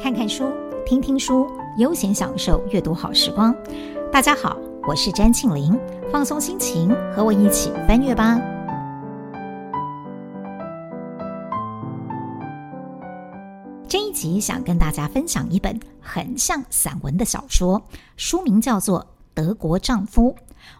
看看書，聽聽書，悠閒享受閱讀好時光。大家好，我是詹慶玲，放鬆心情，和我一起翻閱吧。這一集想跟大家分享一本很像散文的小說，書名叫做《德國丈夫》。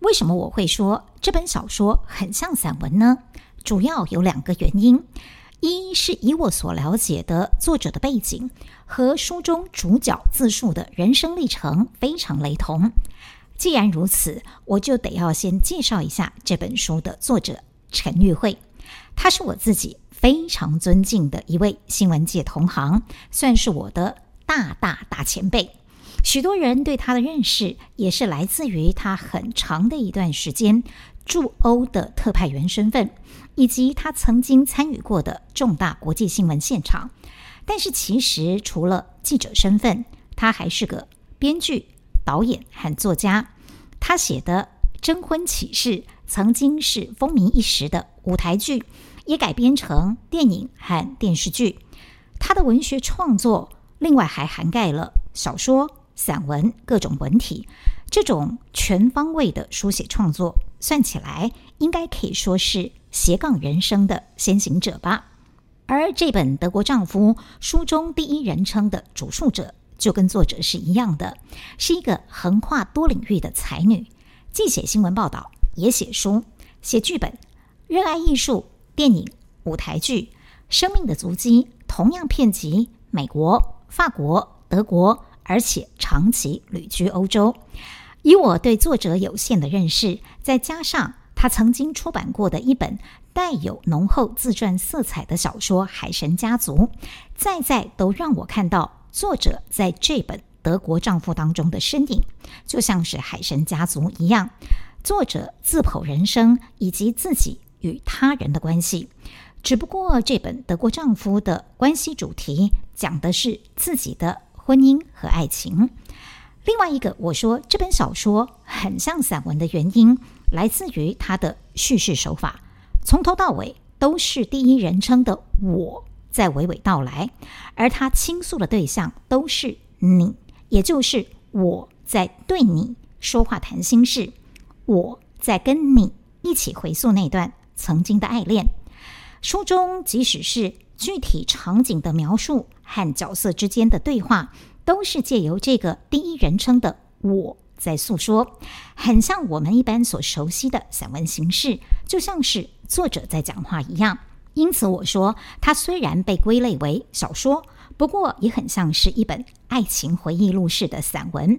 為什麼我會說這本小說很像散文呢？主要有兩個原因。一是以我所了解的作者的背景和書中主角自述的人生歷程非常雷同。既然如此，我就得要先介紹一下這本書的作者陳玉慧，她是我自己非常尊敬的一位新聞界同行，算是我的大大大前輩。許多人對他的認識也是來自於他很長的一段時間駐歐的特派員身份，以及他曾經參與過的重大國際新聞現場。但是，其實除了記者身份，他還是個編劇、導演和作家。他寫的《徵婚啟事》曾經是風靡一時的舞台劇，也改編成電影和電視劇。他的文學創作另外還涵蓋了小說。散文各種文體，這種全方位的書寫創作，算起來應該可以說是斜槓人生的先行者吧。而這本德國丈夫書中第一人稱的主述者，就跟作者是一樣的，是一個橫跨多領域的才女，既寫新聞報道，也寫書、寫劇本，熱愛藝術、電影、舞台劇，《生命的足跡》同樣遍及，美國、法國、德國。而且長期旅居歐洲，以我對作者有限的認識，再加上他曾經出版過的一本帶有濃厚自傳色彩的小說《海神家族》，再再都讓我看到作者在這本德國丈夫當中的身影，就像是《海神家族》一樣，作者自剖人生以及自己與他人的關係。只不過這本德國丈夫的關係主題講的是自己的。婚姻和愛情。另外一個，我說這本小說很像散文的原因，來自於它的敘事手法，從頭到尾都是第一人稱的我在娓娓道來，而他傾訴的對象都是你，也就是我在對你說話談心事，我在跟你一起回溯那段曾經的愛戀。書中即使是具體場景的描述。和角色之間的對話都是借由這個第一人稱的我在訴說，很像我們一般所熟悉的散文形式，就像是作者在講話一樣。因此，我說它雖然被歸類為小說，不過也很像是一本愛情回憶錄式的散文。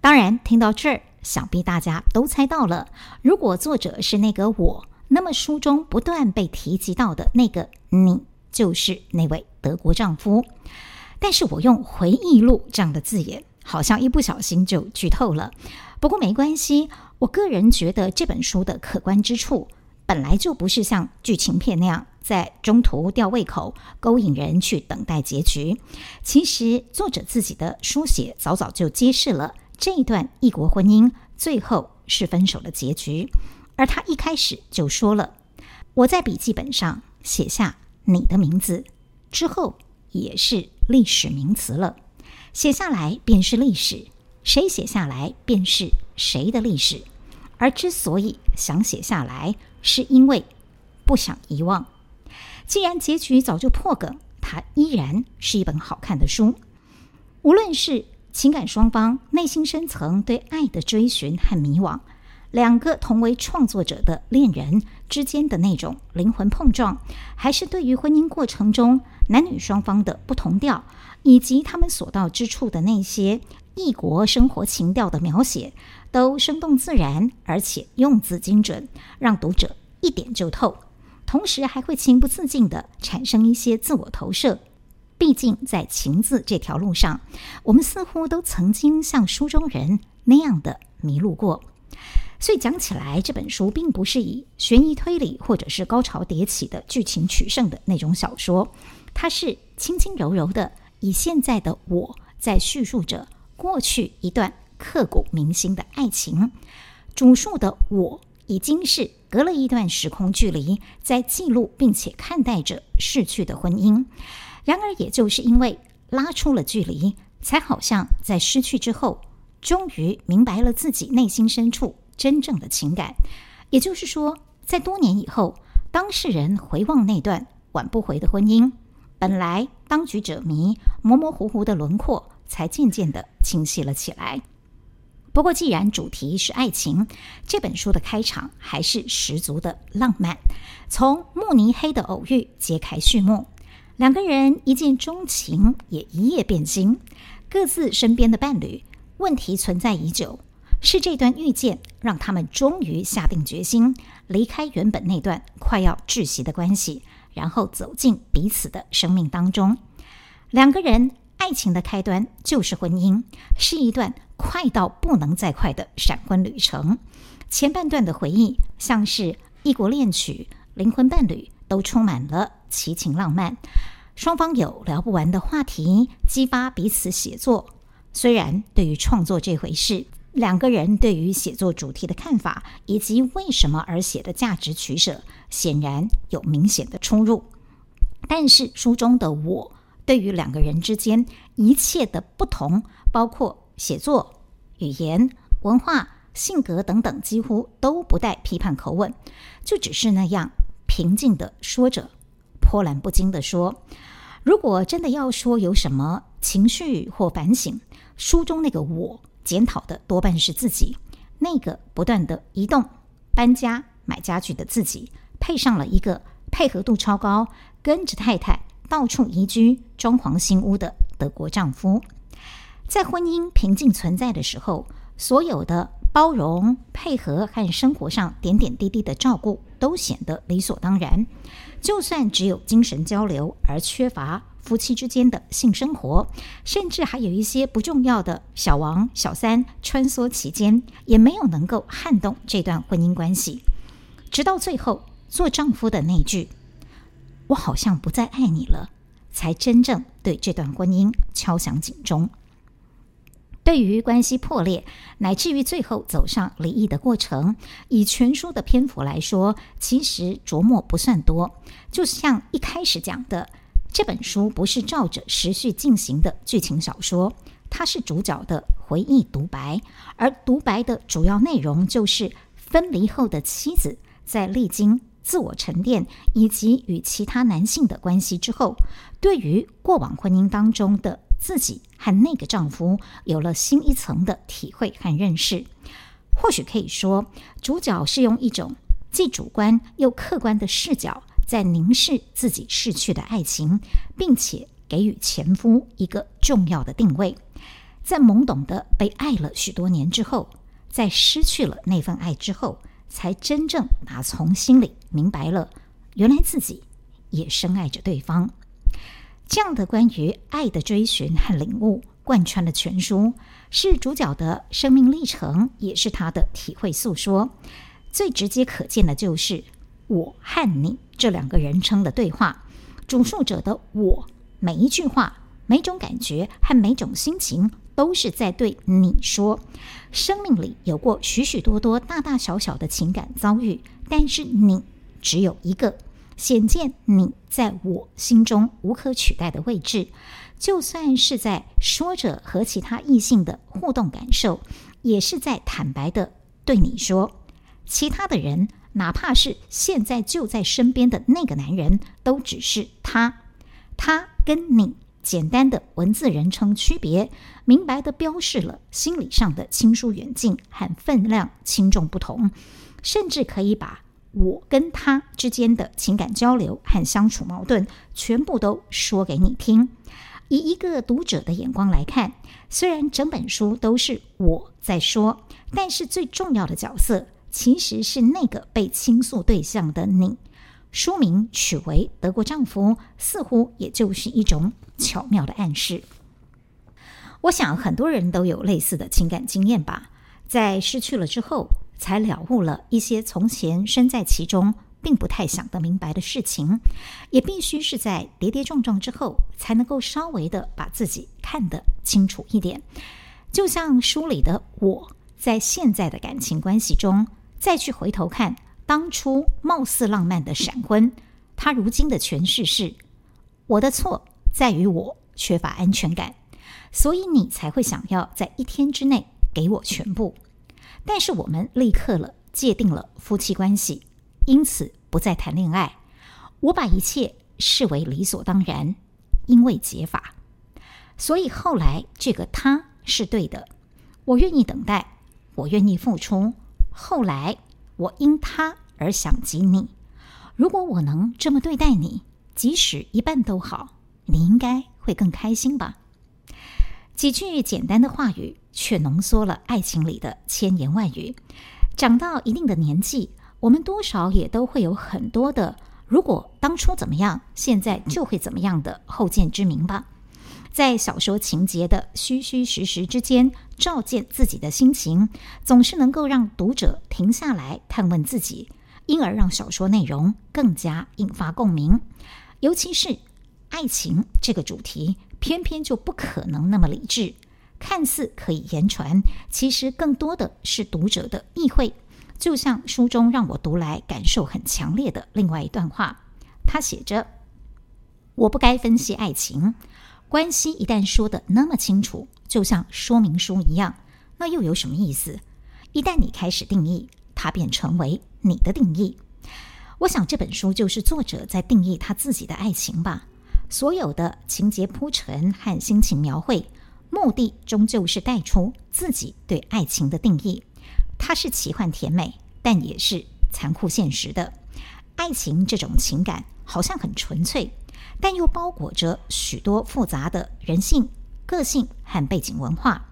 當然，聽到這兒，想必大家都猜到了，如果作者是那個我，那麼書中不斷被提及到的那個你。就是那位德國丈夫，但是我用回憶錄這樣的字眼，好像一不小心就劇透了。不過沒關係，我個人覺得這本書的可觀之處，本來就不是像劇情片那樣在中途吊胃口，勾引人去等待結局。其實作者自己的書寫早早就揭示了這一段異國婚姻最後是分手的結局，而他一開始就說了：“我在筆記本上寫下。”你的名字之後也是歷史名詞了，寫下來便是歷史，誰寫下來便是誰的歷史。而之所以想寫下來，是因為不想遺忘。既然結局早就破梗，它依然是一本好看的書。無論是情感雙方，內心深層對愛的追尋和迷惘。兩個同為創作者的戀人之間的那種靈魂碰撞，還是對於婚姻過程中男女雙方的不同調，以及他們所到之處的那些異國生活情調的描寫，都生動自然，而且用字精準，讓讀者一點就透。同時，還會情不自禁地產生一些自我投射。畢竟，在情字這條路上，我們似乎都曾經像書中人那樣的迷路過。所以講起來，這本書並不是以懸疑推理或者是高潮迭起的劇情取勝的那種小說，它是輕輕柔柔的，以現在的我在敘述着過去一段刻骨銘心的愛情。主述的我已經是隔了一段時空距離，在記錄並且看待着逝去的婚姻。然而，也就是因為拉出了距離，才好像在失去之後，終於明白了自己內心深處。真正的情感，也就是說，在多年以後，當事人回望那段輓不回的婚姻，本來當局者迷、模模糊糊的輪廓，才漸漸的清晰了起來。不過，既然主題是愛情，這本書的開場還是十足的浪漫，從慕尼黑的偶遇揭開序幕，兩個人一見鍾情，也一夜變心，各自身邊的伴侶問題存在已久。是這段遇見，讓他們終於下定決心離開原本那段快要窒息的關係，然後走進彼此的生命當中。兩個人愛情的開端就是婚姻，是一段快到不能再快的閃婚旅程。前半段的回憶像是異國戀曲，靈魂伴侶都充滿了奇情浪漫，雙方有聊不完的話題，激發彼此寫作。雖然對於創作這回事，兩個人對於寫作主題的看法，以及為什麼而寫的價值取捨，顯然有明顯的出入。但是書中的我，對於兩個人之間一切的不同，包括寫作、語言、文化、性格等等，幾乎都不帶批判口吻，就只是那樣平靜的說着，波瀾不驚的說。如果真的要說有什麼情緒或反省，書中那個我。檢討的多半是自己，那個不斷的移動、搬家、買家具的自己，配上了一個配合度超高、跟着太太到處移居、裝潢新屋的德國丈夫，在婚姻平靜存在的時候，所有的包容、配合和生活上點點滴滴的照顧，都顯得理所當然。就算只有精神交流而缺乏。夫妻之間的性生活，甚至還有一些不重要的小王、小三穿梭其間，也沒有能夠撼動這段婚姻關係。直到最後，做丈夫的那句“我好像不再愛你了”，才真正對這段婚姻敲響警鐘。對於關係破裂，乃至於最後走上離異的過程，以全書的篇幅來說，其實着墨不算多。就像一開始講的。這本書不是照着時序進行的劇情小說，它是主角的回憶獨白，而獨白的主要內容就是分離後的妻子在歷經自我沉澱以及與其他男性的關係之後，對於過往婚姻當中的自己和那個丈夫有了新一層的體會和認識。或許可以說，主角是用一種既主觀又客觀的視角，在凝視自己逝去的愛情，並且給予前夫一個重要的定位，在懵懂的被愛了許多年之後，在失去了那份愛之後，才真正打從心裡明白了，原來自己也深愛着對方。這樣的關於愛的追尋和領悟，貫穿了全書，是主角的生命歷程，也是他的體會訴說。最直接可見的就是。我和你這兩個人稱的對話，主述者的我，每一句話、每種感覺和每種心情，都是在對你說。生命裡有過許許多多大大小小的情感遭遇，但是你只有一個，顯見你在我心中無可取代的位置。就算是在說着和其他異性的互動感受，也是在坦白的對你說。其他的人。哪怕是現在就在身邊的那個男人，都只是他。他跟你簡單的文字人稱區別，明白地標示了心理上的親疏遠近和分量輕重不同。甚至可以把我跟他之間的情感交流和相處矛盾全部都說給你聽。以一個讀者的眼光來看，雖然整本書都是我在說，但是最重要的角色。其實是那個被傾訴對象的你，書名取為“德國丈夫”，似乎也就是一種巧妙的暗示。我想很多人都有類似的情感經驗吧，在失去了之後，才了悟了一些從前身在其中並不太想得明白的事情，也必須是在跌跌撞撞之後，才能夠稍微的把自己看得清楚一點。就像書裡的我在現在的感情關係中。再去回頭看當初貌似浪漫的閃婚，他如今的詮釋是：我的錯在於我缺乏安全感，所以你才會想要在一天之內給我全部。但是我們立刻了界定了夫妻關係，因此不再談戀愛。我把一切視為理所當然，因為解法。所以後來這個他是對的，我願意等待，我願意付出。後來，我因他而想及你。如果我能這麼對待你，即使一半都好，你應該會更開心吧？幾句簡單的話語，卻濃縮了愛情裡的千言萬語。長到一定的年紀，我們多少也都會有很多的“如果當初怎麼樣，現在就會怎麼樣的”後見之明吧。在小說情節的虛虛實實之間，照見自己的心情，總是能夠讓讀者停下來探問自己，因而讓小說內容更加引發共鳴。尤其是愛情這個主題，偏偏就不可能那麼理智，看似可以言傳，其實更多的是讀者的意會。就像書中讓我讀來感受很強烈的另外一段話，他寫着：“我不該分析愛情。”關係一旦說得那麼清楚，就像說明書一樣，那又有什麼意思？一旦你開始定義，它便成為你的定義。我想這本書就是作者在定義他自己的愛情吧。所有的情節鋪陳和心情描繪，目的終究是帶出自己對愛情的定義。它是奇幻甜美，但也是殘酷現實的。愛情這種情感好像很純粹。但又包裹着許多複雜的人性、個性和背景文化。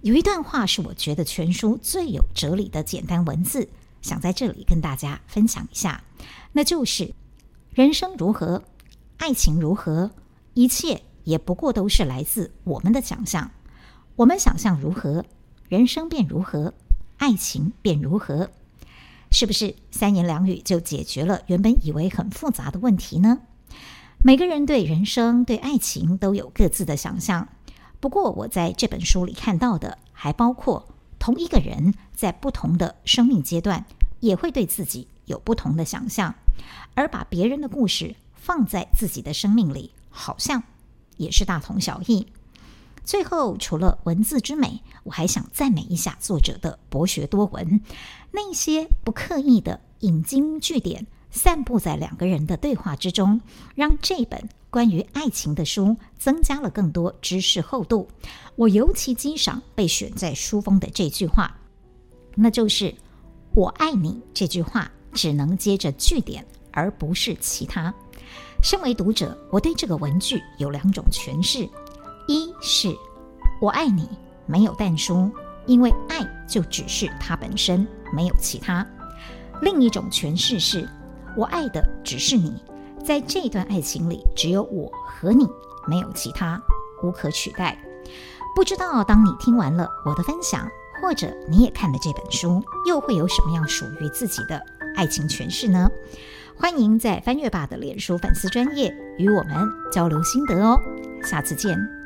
有一段話是我覺得全書最有哲理的簡單文字，想在這裡跟大家分享一下，那就是：人生如何，愛情如何，一切也不過都是來自我們的想象。我們想象如何，人生便如何，愛情便如何。是不是三言兩語就解決了原本以為很複雜的問題呢？每個人對人生、對愛情都有各自的想象。不過，我在這本書裡看到的，還包括同一個人在不同的生命階段也會對自己有不同的想象，而把別人的故事放在自己的生命裡，好像也是大同小異。最後，除了文字之美，我還想讚美一下作者的博學多聞，那些不刻意的引經據典。散佈在兩個人的對話之中，讓這本關於愛情的書增加了更多知識厚度。我尤其欣賞被選在書封的這句話，那就是“我愛你”這句話只能接着句點，而不是其他。身為讀者，我對這個文句有兩種詮釋：一是“我愛你”沒有但書，因為愛就只是它本身，沒有其他；另一種詮釋是。我愛的只是你，在這段愛情裡，只有我和你，沒有其他，無可取代。不知道當你聽完了我的分享，或者你也看了這本書，又會有什麼樣屬於自己的愛情詮釋呢？歡迎在翻閱 bar 的臉書粉絲專頁與我們交流心得哦，下次見。